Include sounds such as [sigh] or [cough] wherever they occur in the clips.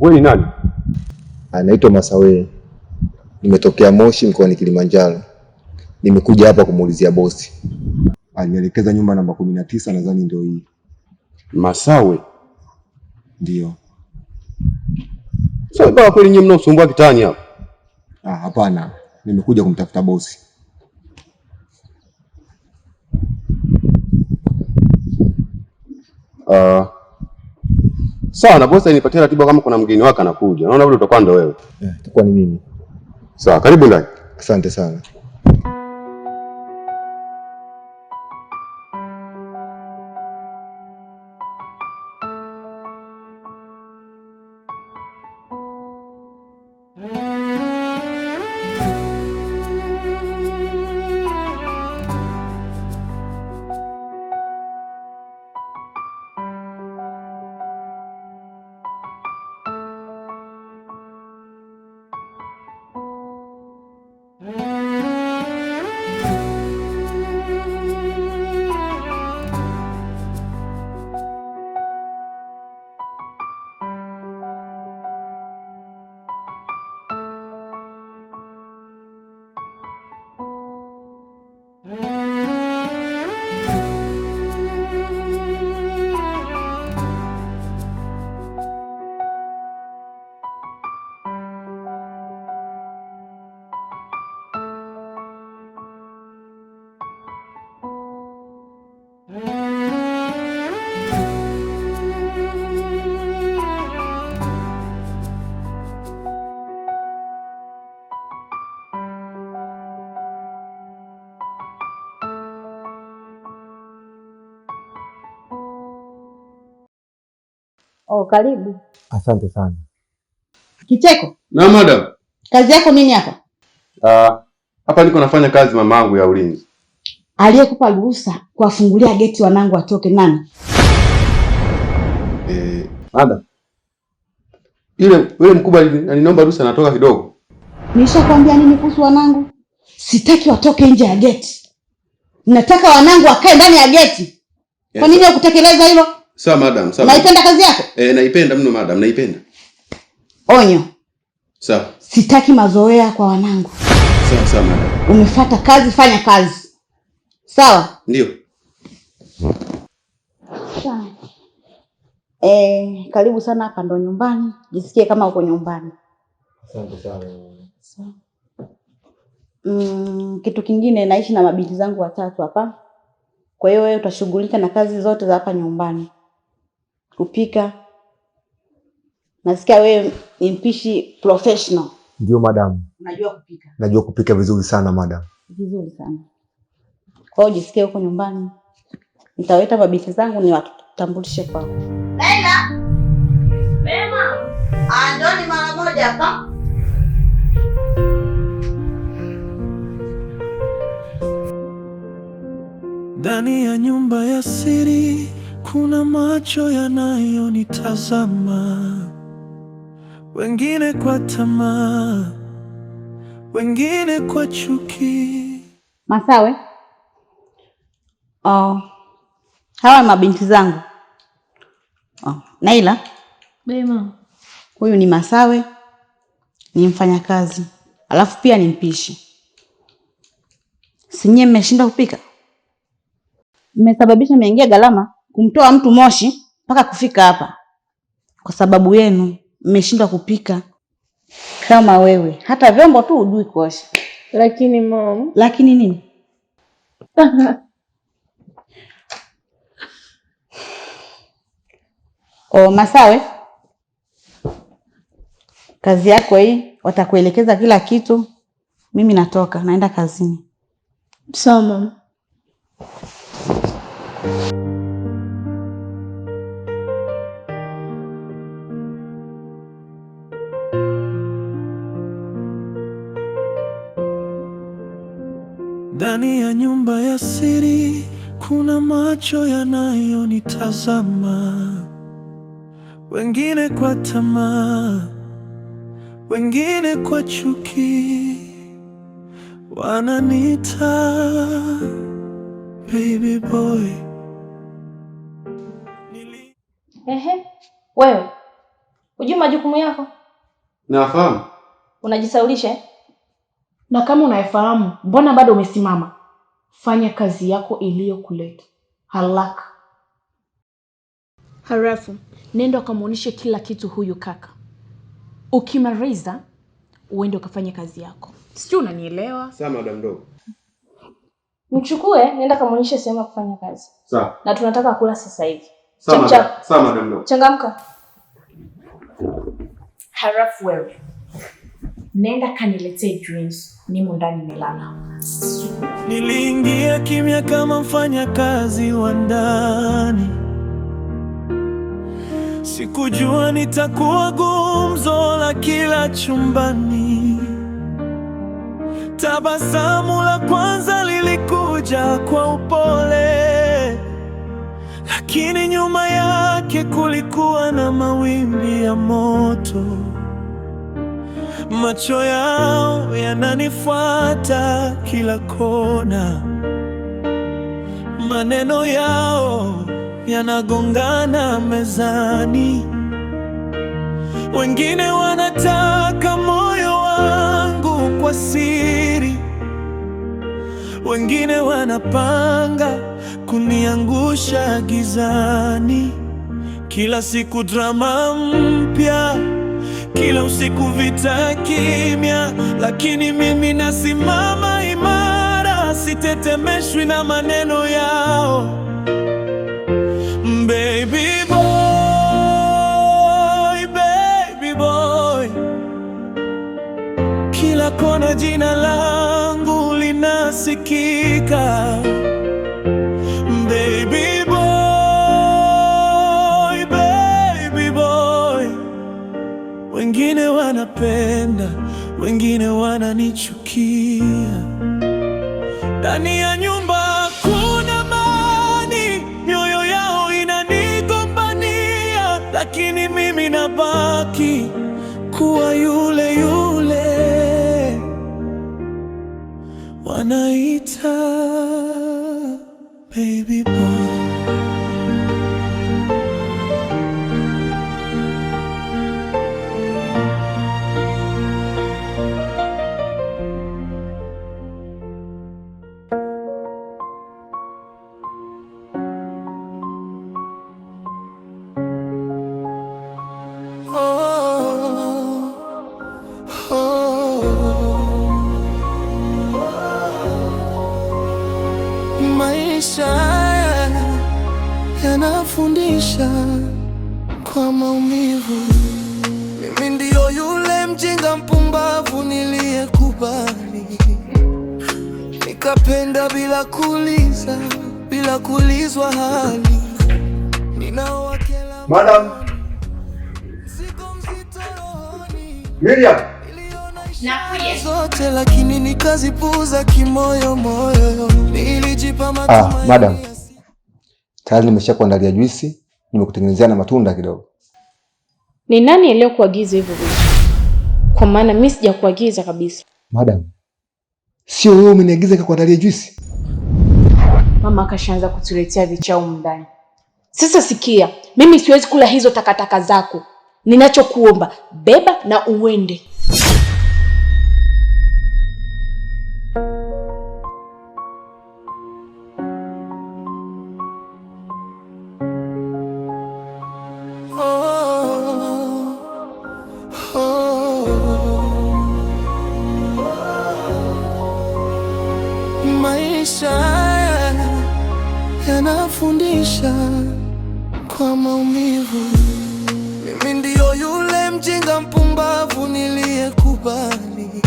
Wewe ni nani? Anaitwa ah, Masawe. Nimetokea Moshi mkoani Kilimanjaro. Nimekuja hapa kumuulizia bosi. Ah, Alielekeza nyumba namba kumi na tisa nadhani ndio hii. Masawe ndio. Sasa baba, kweli nyinyi mnaosumbua kitani hapa? Ah, hapana. Nimekuja kumtafuta bosi. Ah. Sawa na bosi anipatie ratiba kama kuna mgeni wake anakuja. Naona vile utakuwa ndo wewe. Eh, itakuwa ni mimi. Sawa, karibu ndani. Asante sana. Música Oh, karibu. Asante sana. Kicheko. Na madam. Kazi yako nini hapa? Ah, hapa niko nafanya kazi mamangu ya ulinzi. Aliyekupa ruhusa kuwafungulia geti wanangu watoke nani? Eh, madam. Yule yule mkubwa aliniomba ruhusa natoka kidogo. Nishakwambia nini kuhusu wanangu? Sitaki watoke nje ya geti. Nataka wanangu wakae ndani ya geti. Kwa nini hukutekeleza hilo? Sawa madam, sawa. Unaipenda kazi yako? Eh, naipenda mno madam, naipenda. Onyo. Sawa. Sitaki mazoea kwa wanangu. Sawa sawa madam. Umefuata kazi, fanya kazi. Sawa? Ndio. Sawa. Eh, karibu sana hapa ndo nyumbani. Jisikie kama uko nyumbani. Asante sana. Sawa. Mm, kitu kingine naishi na mabinti zangu watatu hapa. Kwa hiyo wewe utashughulika na kazi zote za hapa nyumbani kupika. Nasikia wewe ni mpishi professional. Ndio madam, Unajua kupika, najua kupika vizuri sana madam, vizuri sana. Kwa hiyo jisikie huko nyumbani, nitaweta mabinti zangu ni watutambulishe Mema. Andoni ah, mara moja hapa. Ndani ya nyumba ya siri kuna macho yanayonitazama, wengine kwa tamaa, wengine kwa chuki. Masawe, oh, hawa mabinti zangu oh. Naila Bema, huyu ni Masawe, ni mfanyakazi alafu pia ni mpishi. Sinyie mmeshindwa kupika, mmesababisha meingia gharama kumtoa mtu Moshi mpaka kufika hapa, kwa sababu yenu mmeshindwa kupika. Kama wewe hata vyombo tu hujui kuosha. Lakini mom, lakini nini? [laughs] O, oh, Masawe, kazi yako hii, watakuelekeza kila kitu. Mimi natoka naenda kazini. Sawa mama. Ndani ya nyumba ya siri kuna macho yanayonitazama, wengine kwa tamaa, wengine kwa chuki, wananita baby boy. Ehe, wewe, hujui majukumu yako? Nafahamu. Unajisaulisha na kama unayefahamu, mbona bado umesimama? Fanya kazi yako iliyokuleta haraka. Harafu nenda ukamwonyeshe kila kitu huyu kaka. Ukimaliza uende ukafanya kazi yako, sijui unanielewa? Sawa madam dogo. Mchukue nenda kamwonyeshe sehemu ya kufanya kazi. Sawa. Na tunataka kula sasa hivi. Sawa madam dogo. Changamka. Harafu wewe nenda kaniletee drinks, nimo ndani nimelala. Niliingia kimya kama mfanyakazi wa ndani, sikujua nitakuwa gumzo la kila chumbani. Tabasamu la kwanza lilikuja kwa upole, lakini nyuma yake kulikuwa na mawimbi ya moto macho yao yananifuata kila kona, maneno yao yanagongana mezani, wengine wanataka moyo wangu kwa siri, wengine wanapanga kuniangusha gizani. Kila siku drama mpya kila usiku vita kimya, lakini mimi nasimama imara, sitetemeshwi na maneno yao. Baby boy, baby boy, kila kona jina langu linasikika. wanapenda, wengine wananichukia. Ndani ya nyumba kuna amani, mioyo yao inanigombania, lakini mimi nabaki kuwa yule yule. Wanaita baby boy. maisha kwa maumivu. Mimi ndiyo yule mjinga mpumbavu niliyekubali nikapenda bila kuuliza, bila kuulizwa hali. Madam Miriam zote lakini nikazipuza kimoyo moyo. Nilijipa ah, matumaini. Ah, madam. Tayari nimesha kuandalia juisi nimekutengenezea na matunda kidogo. Ni nani aliyokuagiza hivyo vitu? Kwa maana mimi sijakuagiza kabisa. Madam, sio wewe umeniagiza kukuandalia juisi. Mama akashaanza kutuletea vichao ndani. Sasa sikia, mimi siwezi kula hizo takataka zako. Ninachokuomba, beba na uende. kubali,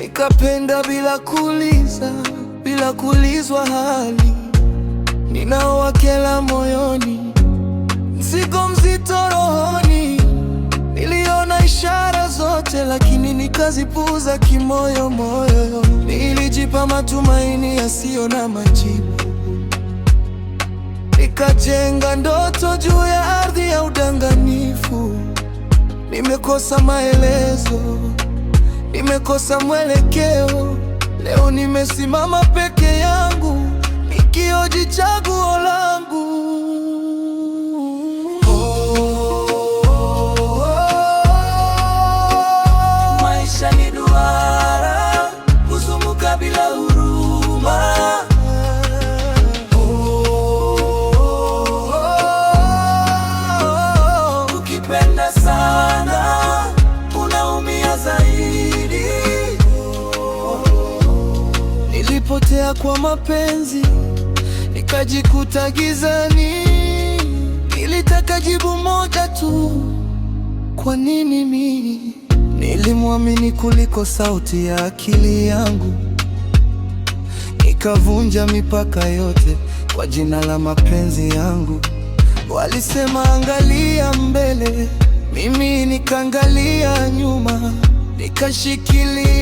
nikapenda bila kuuliza, bila kuulizwa hali. ninaowakela moyoni, mzigo mzito rohoni. Niliona ishara zote, lakini nikazipuza kimoyo moyo. Nilijipa matumaini yasiyo na majibu, nikajenga ndoto juu ya ardhi ya udanganyifu. Nimekosa maelezo, nimekosa mwelekeo. Leo nimesimama peke yangu, nikioji chaguo la kwa mapenzi, nikajikuta gizani. Nilitaka jibu moja tu, kwa nini mimi? Nilimwamini kuliko sauti ya akili yangu, nikavunja mipaka yote kwa jina la mapenzi yangu. Walisema angalia mbele, mimi nikaangalia nyuma, nikashikilia